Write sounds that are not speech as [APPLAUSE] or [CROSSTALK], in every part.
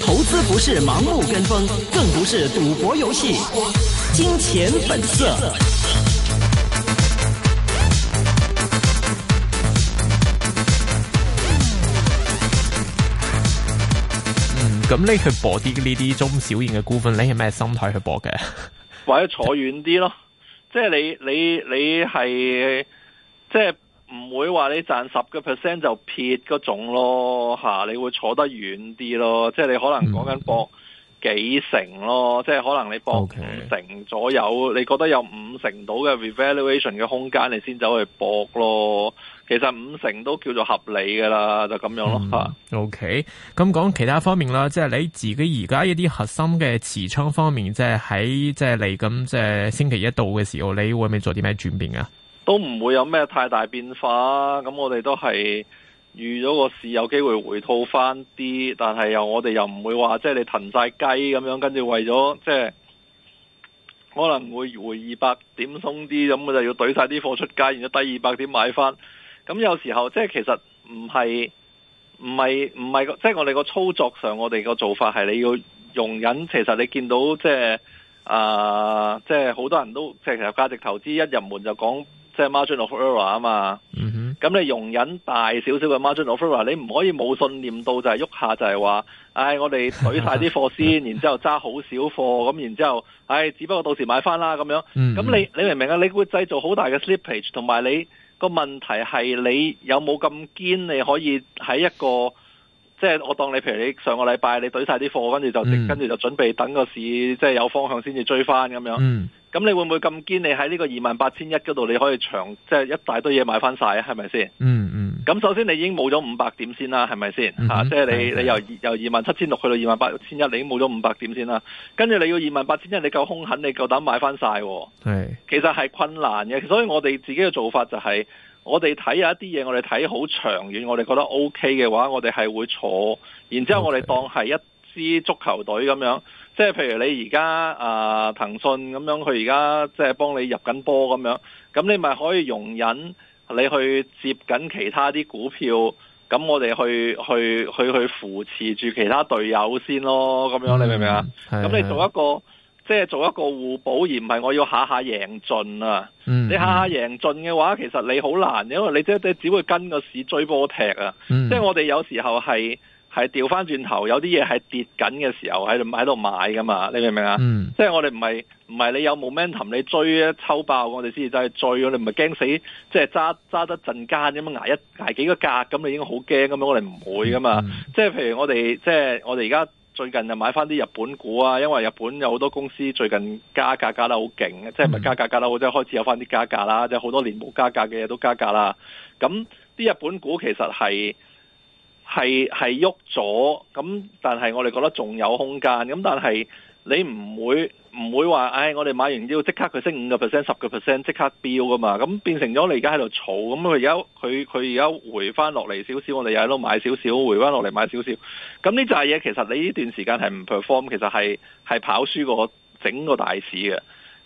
投資不是盲目跟風，更不是賭博遊戲，金錢本色。嗯，咁你去博啲呢啲中小型嘅股份，你係咩心態去博嘅？或者坐遠啲咯，即係你你你係即係。唔會話你賺十個 percent 就撇嗰種咯，吓、啊、你會坐得遠啲咯，即係你可能講緊博幾成咯，嗯、即係可能你博五成左右，Okay. 你覺得有五成到嘅 revaluation 嘅空間，你先走去博咯。其實五成都叫做合理噶啦，就咁樣咯吓。OK，咁講其他方面啦，即係你自己而家一啲核心嘅持倉方面，即係喺即係嚟咁即係星期一到嘅時候，你會唔會做啲咩轉變啊？都唔會有咩太大變化啊！咁我哋都係預咗個市有機會回吐翻啲，但係又我哋又唔會話即係你騰晒雞咁樣，跟住為咗即係可能會回二百點鬆啲，咁我就要懟晒啲貨出街，然之後低二百點買返。咁有時候即係其實唔係唔係唔係即係我哋個操作上，我哋個做法係你要容忍。其實你見到即係啊，即係好多人都即係其實價值投資一入門就講。即係 margin of error 啊嘛，咁、mm hmm. 你容忍大少少嘅 margin of error 你唔可以冇信念到就係喐下就，就係話，唉，我哋取晒啲貨先， [LAUGHS] 然之後揸好少貨，咁然之後，唉、哎，只不過到時買翻啦咁樣，咁、mm hmm. 你你明唔明啊？你會製造好大嘅 slippage，同埋你個問題係你有冇咁堅，你可以喺一個。即係我當你譬如你上個禮拜你懟晒啲貨，跟住就跟住就準備等個市、嗯、即係有方向先至追翻咁樣。咁、嗯、你會唔會咁堅？你喺呢個二萬八千一嗰度，你可以長即係一大堆嘢買翻晒，係咪先？嗯，咁首先你已經冇咗五百點先啦，係咪先？吓、嗯哼啊，即係你的你由二萬七千六去到二萬八千一，你已經冇咗五百點先啦。跟住你要二萬八千一，你夠兇狠，你夠膽買翻晒。係的，其實係困難嘅，所以我哋自己嘅做法就係、是。我哋睇有一啲嘢，我哋睇好長遠，我哋覺得 OK 嘅話，我哋係會坐，然之後，我哋當係一支足球隊咁樣，即係譬如你而家啊騰訊咁樣，佢而家即係幫你入緊波咁樣。咁你咪可以容忍你去接緊其他啲股票，咁我哋去去去去扶持住其他隊友先咯，咁樣，嗯，你明唔明啊？咁的你做一個。即係做一個互補，而唔係我要下下贏盡啊！ [MUSIC] 你下下贏盡嘅話，其實你好難，因為你即即只會跟個市追波踢啊！即係 [MUSIC] 我哋有時候係係調翻轉頭，有啲嘢係跌緊嘅時候喺度喺度買噶嘛，你明唔明啊？即係 [MUSIC] 我哋唔係唔係你有 momentum 你追啊，抽爆我哋先至就係追，我哋唔係驚死，即係揸揸得陣間咁樣捱一捱幾個格，咁你應該好驚咁樣，我哋唔會噶嘛。即係譬如我哋即係我哋而家。最近就買翻啲日本股啊，因為日本有好多公司最近加價加得好勁啊，即係咪加價加得好，即係開始有翻啲加價啦，即係好多年冇加價嘅嘢都加價啦。咁啲日本股其實係係係喐咗，咁但係我哋覺得仲有空間，咁但係。你唔會唔會話，唉、哎！我哋買完之後即刻佢升五個 percent、十個 percent，即刻飆㗎嘛？咁變成咗你而家喺度儲，咁佢而家佢佢而家回翻落嚟少少，我哋又喺度買少少，回翻落嚟買少少。咁呢隻嘢其實你呢段時間係唔 perform，其實係係跑輸過整個大市嘅。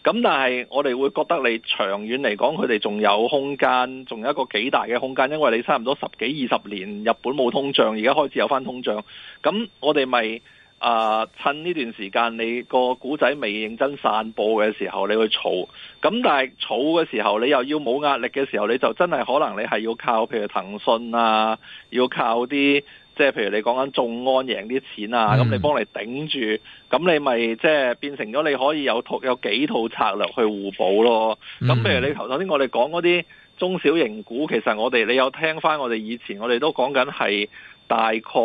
咁但係我哋會覺得你長遠嚟講，佢哋仲有空間，仲有一個幾大嘅空間，因為你差唔多十幾二十年日本冇通脹，而家開始有翻通脹，咁我哋咪？啊！趁呢段時間你個股仔未認真散播嘅時候，你去儲。咁但係儲嘅時候，你又要冇壓力嘅時候，你就真係可能你係要靠，譬如騰訊啊，要靠啲即係譬如你講緊眾安贏啲錢啊，咁、嗯、你幫你頂住，咁你咪即係變成咗你可以有套有幾套策略去互補咯。咁、嗯、譬如你頭頭先我哋講嗰啲中小型股，其實我哋你有聽翻我哋以前我哋都講緊係。大概可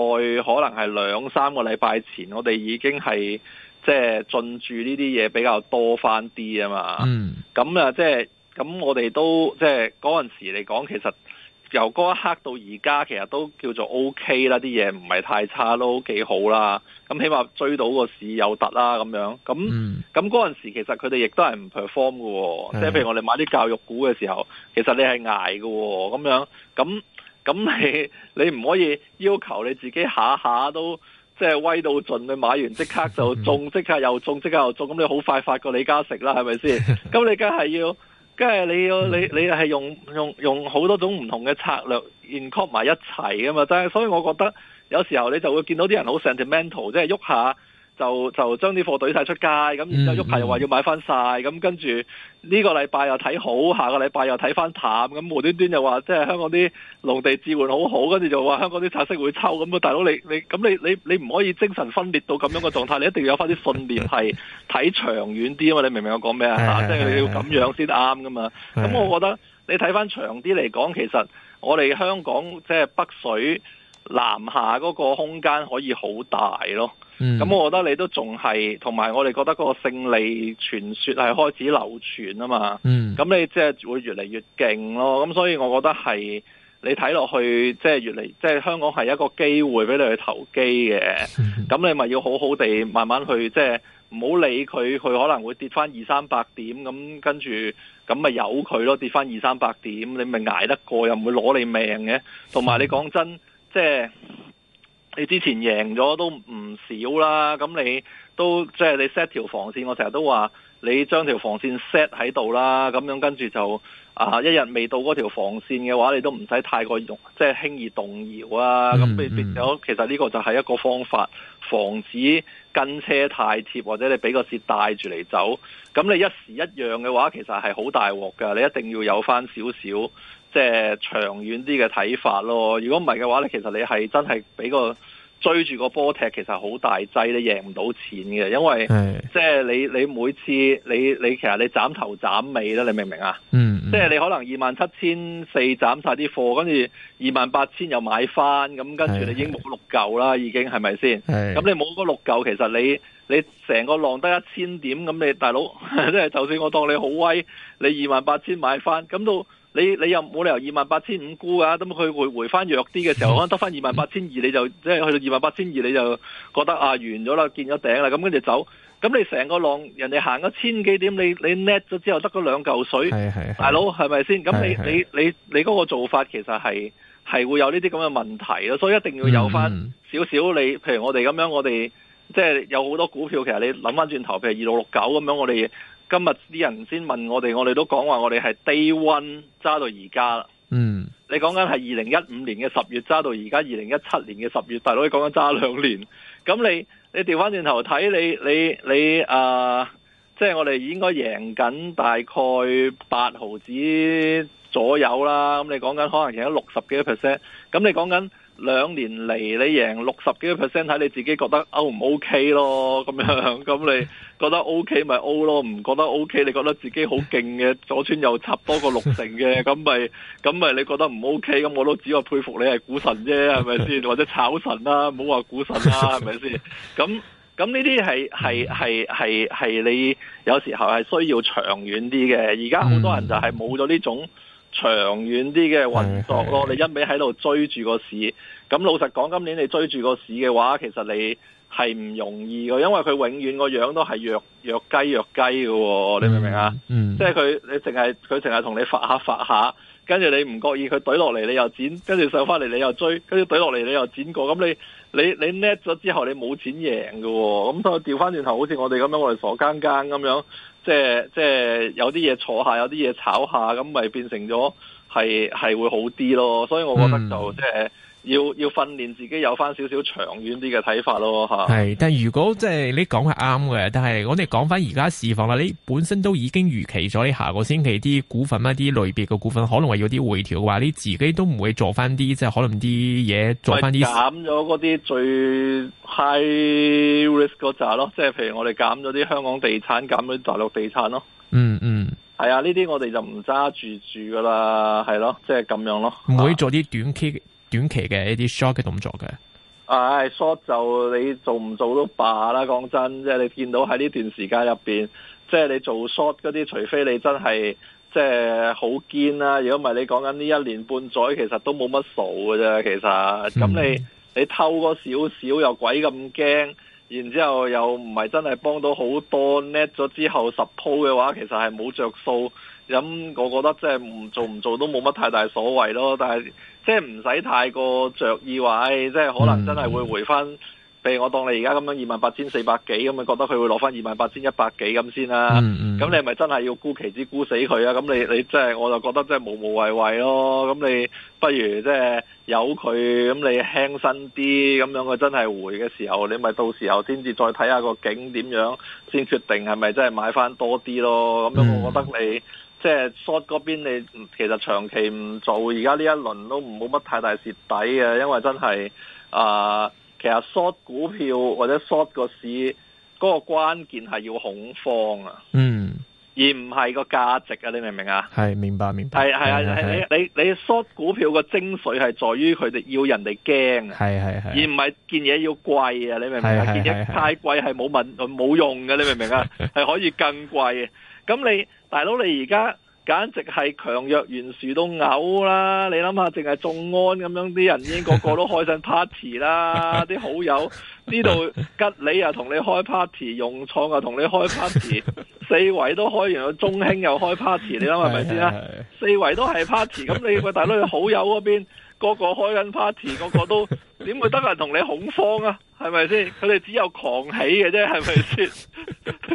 能係兩三個禮拜前，我哋已經係即係進駐呢啲嘢比較多返啲啊嘛。嗯，咁啊，即係咁，我哋都即係嗰陣時嚟講，其實由嗰一刻到而家，其實都叫做 OK 啦，啲嘢唔係太差，都幾好啦。咁起碼追到個市有突啦咁樣。咁咁嗰陣時，其實佢哋亦都係唔 perform 嘅、哦，嗯、即係譬如我哋買啲教育股嘅時候，其實你係捱嘅咁、哦、樣咁。咁你你唔可以要求你自己下下都即係威到盡，你買完即刻就中，即刻又中，即刻又中，咁你好快發個李嘉誠啦，係咪先？咁 [LAUGHS] 你梗係要，梗係你要你你係用用用好多種唔同嘅策略 include 埋一齊㗎嘛！但係所以我覺得有時候你就會見到啲人好 sentimental，即係喐下。就就將啲貨懟晒出街，咁然之後喐排又話要買翻晒，咁、嗯嗯、跟住呢、呢個禮拜又睇好，下個禮拜又睇翻淡，咁無端端又話即係香港啲農地置換好好，跟住就話香港啲拆息會抽，咁、那、啊、個、大佬你你咁你你你唔可以精神分裂到咁樣嘅狀態，你一定要有翻啲信念係睇長遠啲啊嘛，你明唔明我講咩是啊？吓是，即係你要咁樣先啱噶嘛。咁我覺得你睇翻長啲嚟講，其實我哋香港即係北水南下嗰個空間可以好大咯。咁，嗯，我覺得你都仲係，同埋我哋覺得個勝利傳説係開始流傳啊嘛。咁，嗯，你即係會越嚟越勁咯。咁所以我覺得係你睇落去，即係越嚟即係香港係一個機會俾你去投機嘅。咁你咪要好好地慢慢去，即係唔好理佢，佢可能會跌翻二三百點。咁跟住咁咪由佢咯，跌翻二三百點，你咪捱得過又唔會攞你命嘅。同埋你講真，即係。你之前贏咗都唔少啦，咁你都即係你 set 條防線，我成日都話你將條防線 set 喺度啦，咁樣跟住就啊一日未到嗰條防線嘅話，你都唔使太過用，即係輕易動搖啊。咁、嗯、你變咗、嗯、其實呢個就係一個方法，防止跟車太貼或者你俾個市帶住嚟走。咁你一時一樣嘅話，其實係好大鑊㗎。你一定要有翻少少。即係長遠啲嘅睇法咯，如果唔係嘅話咧，其實你係真係俾個追住個波踢，其實好大劑，你贏唔到錢嘅，因為是即係你你每次你你其實你斬頭斬尾啦，你明唔明啊？嗯，嗯，即係你可能二萬七千四斬晒啲貨，跟住二萬八千又買翻，咁跟住你已經冇六舊啦，已經係咪先？咁是你冇嗰六舊，其實你你成個浪得一千點，咁你大佬，即 [LAUGHS] 係就算我當你好威，你二萬八千買翻，咁到。你你又冇理由二萬八千五沽㗎，咁佢回回翻弱啲嘅時候，可能得翻二萬八千二，你就即係去到二萬八千二，你就覺得啊完咗啦，見咗頂啦，咁跟住走。咁你成個浪人哋行咗千幾點，你你叻咗之後得嗰兩嚿水，係係係大佬係咪先？咁係係你你你你嗰個做法其實係係會有呢啲咁嘅問題咯，所以一定要有翻少少你，嗯嗯譬如我哋咁樣，我哋即係有好多股票，其實你諗翻轉頭，譬如二六六九咁樣，我哋。今日啲人先問我哋，我哋都講話我哋係 day one 揸到而家啦。嗯，你講緊係二零一五年嘅十月揸到而家二零一七年嘅十月，大佬你講緊揸兩年。咁你你調翻轉頭睇，你你你啊，即係、呃就是、我哋應該贏緊大概八毫子左右啦。咁你講緊可能贏咗六十幾 percent，咁你講緊。兩年嚟你贏六十幾個 percent，睇你自己覺得 O 唔 OK 咯？咁樣咁你覺得 OK 咪 O 咯？唔覺得 OK？你覺得自己好勁嘅左穿右插多過六成嘅咁咪咁咪你覺得唔 OK？咁我都只係佩服你係股神啫，係咪先？ [LAUGHS] 或者炒神啦、啊，唔好話股神啦、啊，係咪先？咁咁呢啲係係係係係你有時候係需要長遠啲嘅。而家好多人就係冇咗呢種。嗯長遠啲嘅運作咯， [MUSIC] 你一味喺度追住個市，咁老實講，今年你追住個市嘅話，其實你係唔容易嘅，因為佢永遠個樣都係弱弱雞弱雞嘅，你明唔明啊？嗯， [MUSIC] 即係佢你淨係佢淨係同你發下發下，跟住你唔覺意佢懟落嚟，你又剪，跟住上翻嚟你又追，跟住懟落嚟你又剪過，咁你你你 net 咗之後你冇錢贏嘅、哦，咁再調翻轉頭，好似我哋咁樣，我哋傻更更咁樣。即係即係有啲嘢坐下，有啲嘢炒下，咁咪變成咗係係會好啲咯，所以我覺得就即係。嗯要要訓練自己有翻少少長遠啲嘅睇法咯，吓係。但係如果即係、就是、你講係啱嘅，但係我哋講翻而家市況啦，你本身都已經預期咗，你下個星期啲股份啊、啲類別嘅股份可能係有啲回調嘅話，你自己都唔會做翻啲即係可能啲嘢，做翻啲減咗嗰啲最 high risk 嗰扎咯，即係譬如我哋減咗啲香港地產，減咗啲大陸地產咯。嗯嗯，係、嗯、啊，呢啲我哋就唔揸住住噶啦，係咯，即係咁樣咯，唔會做啲短期。短期嘅一啲 short 嘅動作嘅，唉、哎、short 就你做唔做都罷啦。講真，即係你見到喺呢段時間入邊，即係你做 short 嗰啲，除非你真係即係好堅啦。如果唔係，你講緊呢一年半載，其實都冇乜數嘅啫。其實咁你你偷個少少又鬼咁驚，然之後又唔係真係幫到好多，net 咗之後十鋪嘅話，其實係冇着數。咁我覺得即係唔做唔做都冇乜太大所謂咯。但係。即係唔使太過着意話，誒，即係可能真係會回翻，嗯、譬如我當你而家咁樣二萬八千四百幾咁啊，覺得佢會攞翻二萬八千一百幾咁先啦。咁、嗯、你係咪真係要沽期指沽死佢啊？咁你你即係我就覺得真係無無謂謂咯。咁你不如即係有佢，咁你輕身啲，咁樣佢真係回嘅時候，你咪到時候先至再睇下個景點樣，先決定係咪真係買翻多啲咯。咁樣我覺得你。嗯嗯即係 short 嗰邊，你其實長期唔做，而家呢一輪都冇乜太大蝕底嘅，因為真係啊，其實 short 股票或者 short 個市嗰個關鍵係要恐慌啊，嗯，而唔係個價值啊，你明唔明啊？係，明白明白，係係啊，係你你你 short 股票個精髓係在於佢哋要人哋驚，係係係，而唔係件嘢要貴啊，你明唔明？件嘢太貴係冇問冇用嘅，你明唔明啊？係可以更貴。咁你大佬你而家簡直係強弱懸殊到嘔啦！你諗下，淨係眾安咁樣啲人已經個個都開緊 party 啦，啲 [LAUGHS] 好友呢度吉利啊同你開 party，融創啊同你開 party， [LAUGHS] 四圍都開完，中興又開 party，你諗係咪先啊？四圍都係 party，咁你個大佬好友嗰邊。個個開緊 party，個個都點會得人同你恐慌啊？係咪先？佢哋只有狂喜嘅啫，係咪先？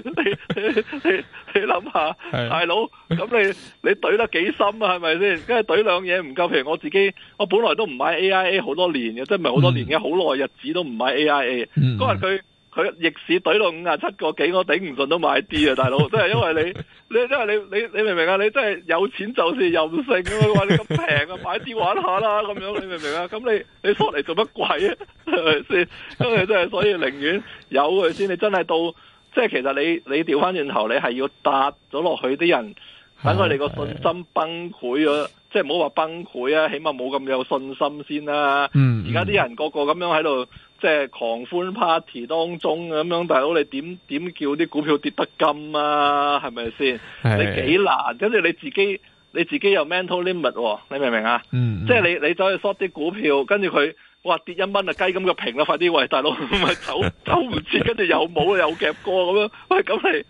你你諗下，的大佬咁你你懟得幾深啊？係咪先？跟住懟兩嘢唔夠，譬如我自己，我本來都唔買 AIA 好多年嘅，即係唔係好多年嘅，好耐、嗯、日子都唔買 AIA、嗯。嗰日佢。佢逆市懟到五十七個幾，我頂唔順都買啲啊，大佬！真係因為你，你因為你，你你，你，你明唔明啊？你真係有錢就是任性啊！話你咁平啊，買啲玩下啦，咁樣你明唔明啊？咁你你出嚟做乜鬼啊？係咪先？咁你真係所以寧願有佢先，你真係到即係其實你你調翻轉頭，你係要搭咗落去啲人，等佢哋個信心崩潰啊。即係唔好話崩潰啊，起碼冇咁有信心先啦、啊。而家啲人個個咁樣喺度。即係狂歡 party 當中咁樣，大佬，你點點叫啲股票跌得咁啊？係咪先？是的 你幾難？跟住你自己，你自己有 mental limit，、哦、你明唔明啊？嗯嗯，即係你你走去 short 啲股票，跟住佢哇跌一蚊啊，雞咁嘅平啦，快啲喂，大佬 [LAUGHS] 走走唔切，跟住又冇又夾過咁樣，喂，咁你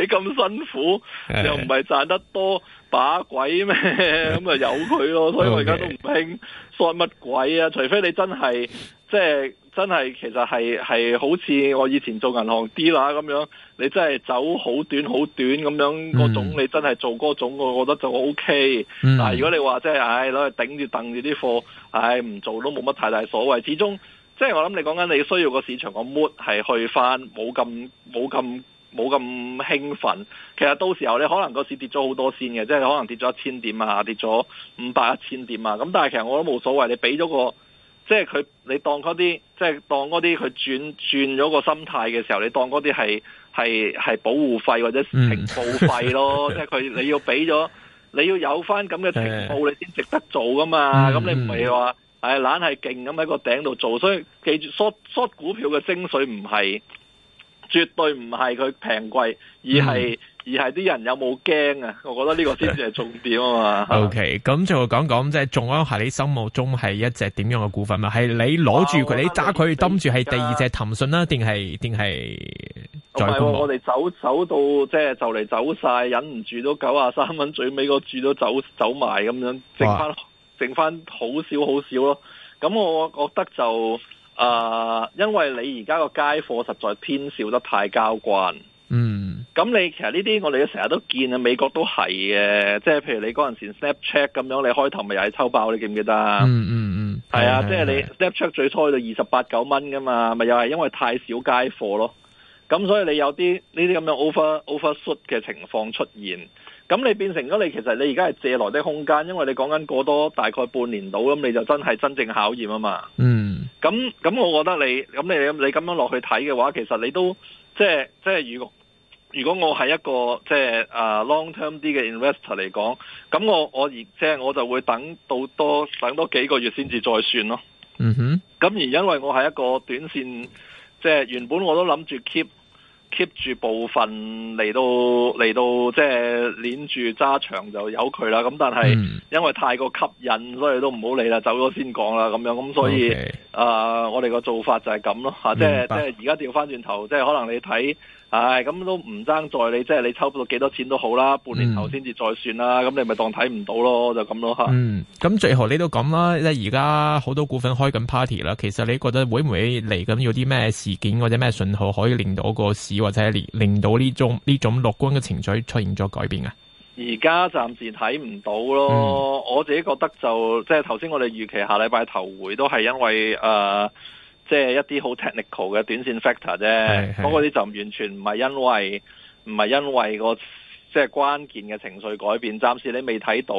你咁辛苦是的 又唔係賺得多把鬼咩？咁啊由佢咯，所以我而家都唔興 short 乜鬼啊！除非你真係即係。即真係其實係係好似我以前做銀行啲啦咁樣，你真係走好短好短咁樣嗰種，、嗯、種，你真係做嗰種，我覺得就 O、OK, K、嗯。嗱，如果你話即係唉，攞嚟頂住頂住啲貨，唉唔做都冇乜太大所謂。始終即係我諗你講緊你需要個市場個 mood 係去翻冇咁冇咁冇咁興奮。其實到時候你可能個市跌咗好多先嘅，即係可能跌咗一千點啊，跌咗五百一千點啊。咁但係其實我都冇所謂，你俾咗個。即係佢，你當嗰啲，即係當嗰啲佢轉轉咗個心態嘅時候，你當嗰啲係係係保護費或者情報費咯。嗯、即係佢你要俾咗，你要有翻咁嘅情報，你先值得做噶嘛。咁、嗯、你唔係話，誒、哎，懶係勁咁喺個頂度做。所以記住，縮股票嘅精髓唔係絕對唔係佢平貴，而係。嗯而係啲人有冇驚啊？我覺得呢個先至係重點啊嘛。OK，咁就講講即係仲有喺你心目中係一隻點樣嘅股份啊？係你攞住佢，你揸佢擔住係第二隻騰訊啦，定係定係在觀、哦、我哋走走到即係就嚟走晒，忍唔住都九啊三蚊，最尾個住都走走埋咁樣，剩翻哇剩翻好少好少咯。咁我覺得就啊、呃，因為你而家個街貨實在偏少得太交關。嗯。咁你其實呢啲我哋成日都見啊，美國都係嘅，即係譬如你嗰陣時 Snapchat 咁樣，你開頭咪又係抽爆，你記唔記得嗯嗯嗯，係啊，即係你 Snapchat 最初去到二十八九蚊㗎嘛，咪又係因為太少街貨咯。咁所以你有啲呢啲咁樣 over overshoot 嘅情況出現，咁你變成咗你其實你而家係借來啲空間，因為你講緊過多大概半年到咁，你就真係真正考驗啊嘛。嗯。咁 [NOISE] 咁樂，我覺得你咁你你咁樣落去睇嘅話，其實你都即係即係如果。如果我係一個，即係誒、uh, long term 啲嘅 investor 嚟講，咁我我而即係我就會等到多等多幾個月先至再算咯。嗯哼、mm。咁、hmm。而因為我係一個短線，即係原本我都諗住 keep。keep 住部分嚟到嚟到即係鏈住揸長就有佢啦，咁但係因為太過吸引，所以都唔好理啦，走咗先講啦，咁樣咁所以誒 Okay.、呃、我哋個做法就係咁咯，吓即係即係而家調翻轉頭，即係白可能你睇，唉、哎、咁都唔爭在你，即係你抽到幾多錢都好啦，半年後先至再算啦，咁、嗯、你咪當睇唔到咯，就咁咯吓。嗯，咁最後你都咁啦，即係而家好多股份開緊 party 啦，其實你覺得會唔會嚟緊有啲咩事件或者咩信號可以令到個市？或者令到呢種呢種樂觀嘅情緒出現咗改變嘅，而家暫時睇唔到咯。嗯、我自己覺得就即係頭先我哋預期下禮拜頭回都係因為誒，即、呃、係、即係、一啲好 technical 嘅短線 factor 啫。嗰個啲就完全唔係因為唔係因為個即係關鍵嘅情緒改變。暫時你未睇到，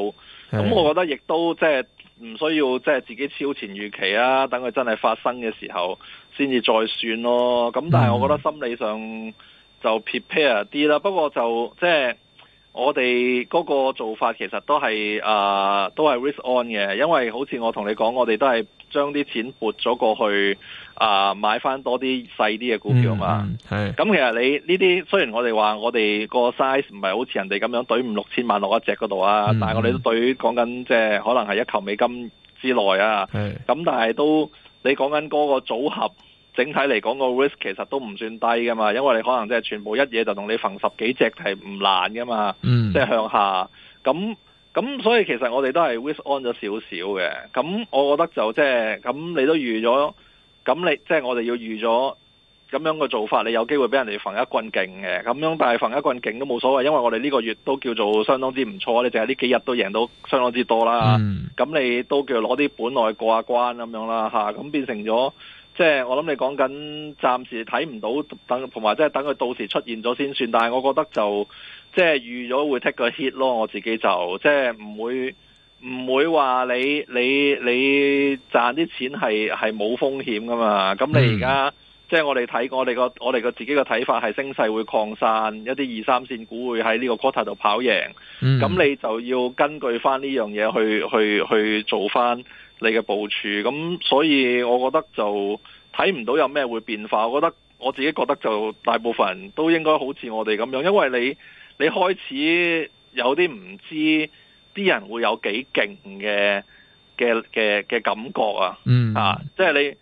咁是我覺得亦都即係唔需要即係、即係、自己超前預期啊。等佢真係發生嘅時候，先至再算咯，咁但係我覺得心理上就 prepare 啲啦。不過就即係我哋嗰個做法其實都係誒、呃、都係 risk on 嘅，因為好似我同你講，我哋都係將啲錢撥咗過去啊、呃，買翻多啲細啲嘅股票啊嘛。係、嗯，咁、嗯嗯、其實你呢啲雖然我哋話我哋個 size 唔係好似人哋咁樣對五六千萬落一隻嗰度啊，但係我哋都對講緊即係可能係一球美金之內啊。係、嗯，咁、嗯嗯、但係都你講緊嗰個組合。整體嚟講個 risk 其實都唔算低㗎嘛，因為你可能即係全部一嘢就同你揈十幾隻係唔難㗎嘛，嗯、即係向下咁咁，所以其實我哋都係 risk on 咗少少嘅。咁我覺得就即係咁，你都預咗，咁你即係我哋要預咗咁樣嘅做法，你有機會俾人哋揈一棍勁嘅咁樣，但係揈一棍勁都冇所謂，因為我哋呢個月都叫做相當之唔錯，你淨係呢幾日都贏到相當之多啦。咁、嗯、你都叫攞啲本來過下關咁樣啦吓，咁變成咗。即係我諗你講緊，暫時睇唔到，等同埋即係等佢到時出現咗先算。但係我覺得就即係預咗會 take 個 hit 咯。我自己就即係唔會唔會話你你你賺啲錢係係冇風險噶嘛？咁你而家即係我哋睇我哋個我哋個自己個睇法係升勢會擴散，一啲二三線股會喺呢個 quarter 度跑贏。咁、mm. 你就要根據翻呢樣嘢去去去,去做翻。你嘅部署咁，所以我覺得就睇唔到有咩會變化。我覺得我自己覺得就大部分人都應該好似我哋咁樣，因為你你開始有啲唔知啲人會有幾勁嘅嘅嘅嘅感覺啊，嗯啊，即係你。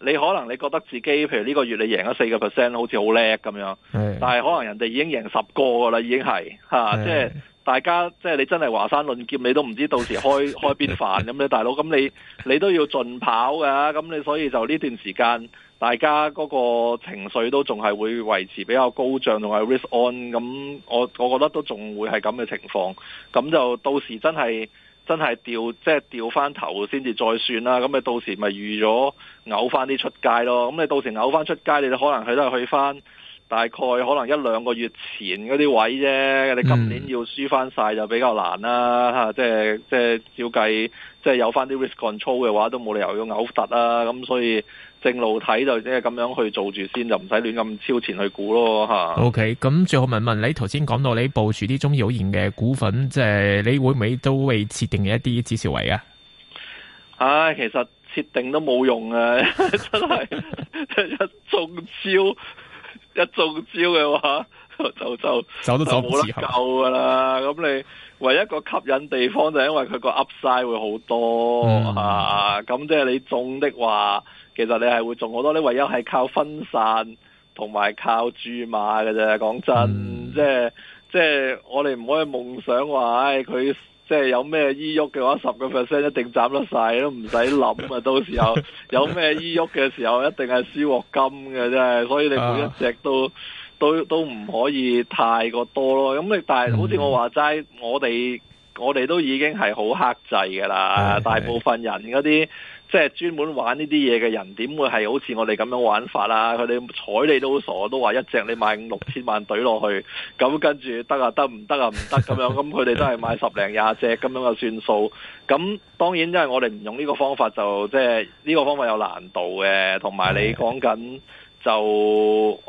你可能你覺得自己譬如呢個月你贏咗四個 percent，好似好叻咁樣，是的 但係可能人哋已經贏十個㗎啦，已經係嚇是的，即係大家即係你真係華山論劍，你都唔知到時開 [LAUGHS] 開邊飯咁咧，大佬咁你你，你都要盡跑㗎啊，咁你所以就呢段時間大家嗰個情緒都仲係會維持比較高漲，同埋 risk on 咁，我我覺得都仲會係咁嘅情況，咁就到時真係。真係掉，即係掉翻頭先至再算啦。咁你到時咪預咗嘔翻啲出街咯。咁你到時嘔翻出街，你哋可能佢都係去翻大概可能一兩個月前嗰啲位啫。你今年要輸翻晒就比較難啦、啊。嚇、嗯啊，即係即係照計，即係有翻啲 risk control 嘅話，都冇理由要嘔突啊。咁所以。正路睇就即係咁樣去做住先，就唔使亂咁超前去估咯吓。O K，咁最後問問你，頭先講到你部署啲中小型嘅股份，即係你會唔會都會設定嘅一啲止蝕位啊？唉、哎，其實設定都冇用啊，真係一中招一中招嘅話 [LAUGHS] 就就走都走唔到噶啦，咁、啊、你。唯一,一個吸引地方就因為佢個 Upside 會好多嚇，咁、嗯啊、即係你中的話，其實你係會中好多。你唯一係靠分散同埋靠注碼嘅啫。講真、嗯即，即係即係我哋唔可以夢想、哎、話，唉，佢即係有咩依鬱嘅話，十個 percent 一定賺得晒。」都唔使諗啊！ [LAUGHS] 到時候有咩依鬱嘅時候，一定係輸鑊金嘅啫。係。所以你每一隻都。啊都都唔可以太過多咯，咁你但係好似我話齋，我哋我哋都已經係好克制噶啦，嗯、大部分人嗰啲即係專門玩呢啲嘢嘅人，點會係好似我哋咁樣玩法啊？佢哋睬你都傻，都話一隻你買五六千萬懟落去，咁跟住得啊得唔得啊唔得咁樣，咁佢哋都係買十零廿隻咁樣嘅算數。咁當然，因為我哋唔用呢個方法，就即係呢、這個方法有難度嘅，同埋你講緊。嗯嗯就唔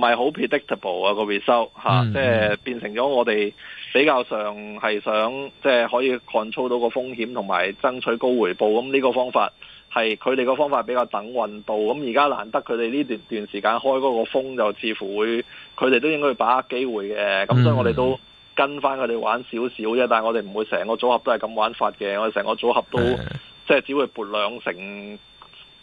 係好 predictable、嗯、啊個 result 吓，即、就、係、是、變成咗我哋比較上係想即係、就是、可以 control 到個風險同埋爭取高回報咁呢個方法係佢哋個方法比較等運到。咁，而家難得佢哋呢段段時間開嗰個風就似乎會，佢哋都應該把握機會嘅，咁所以我哋都跟翻佢哋玩少少啫，但係我哋唔會成個組合都係咁玩法嘅，我哋成個組合都的即係只會撥兩成。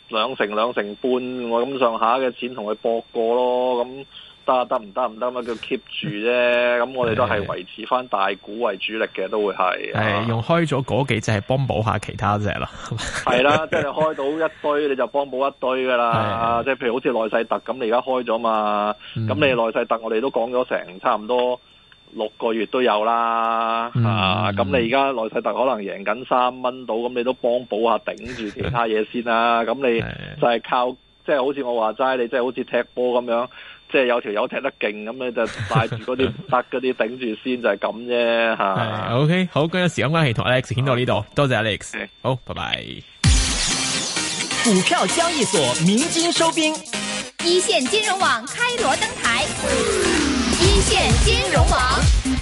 兩成兩成半，我咁上下嘅錢同佢搏過咯，咁得得唔得唔得咪叫 keep 住啫，咁我哋都係維持翻大股為主力嘅，都會係。係唉、啊、用開咗嗰幾隻，係幫補下其他隻啦。係啦的， [LAUGHS] 即係開到一堆，你就幫補一堆噶啦。即係是的 譬如好似內世特咁，你而家開咗嘛，咁、嗯、哼 你內世特我哋都講咗成差唔多。六個月都有啦，吓咁你而家內世特可能贏緊三蚊到，咁你都幫補下頂住其他嘢先啦。咁 [LAUGHS] 你就係靠，即、就、係、是、好似我話齋，你即係好似踢波咁樣，即、就、係、是、有條友踢得勁，咁你就帶住嗰啲唔得嗰啲頂住先， [LAUGHS] 就係咁啫吓。嗯、 [LAUGHS] o、okay, K，好，今日時間關係同 Alex 傾到呢度， [LAUGHS] 多謝 Alex，好，拜拜。股票交易所鳴金收兵，一線金融網開鑼登台。一線金融王。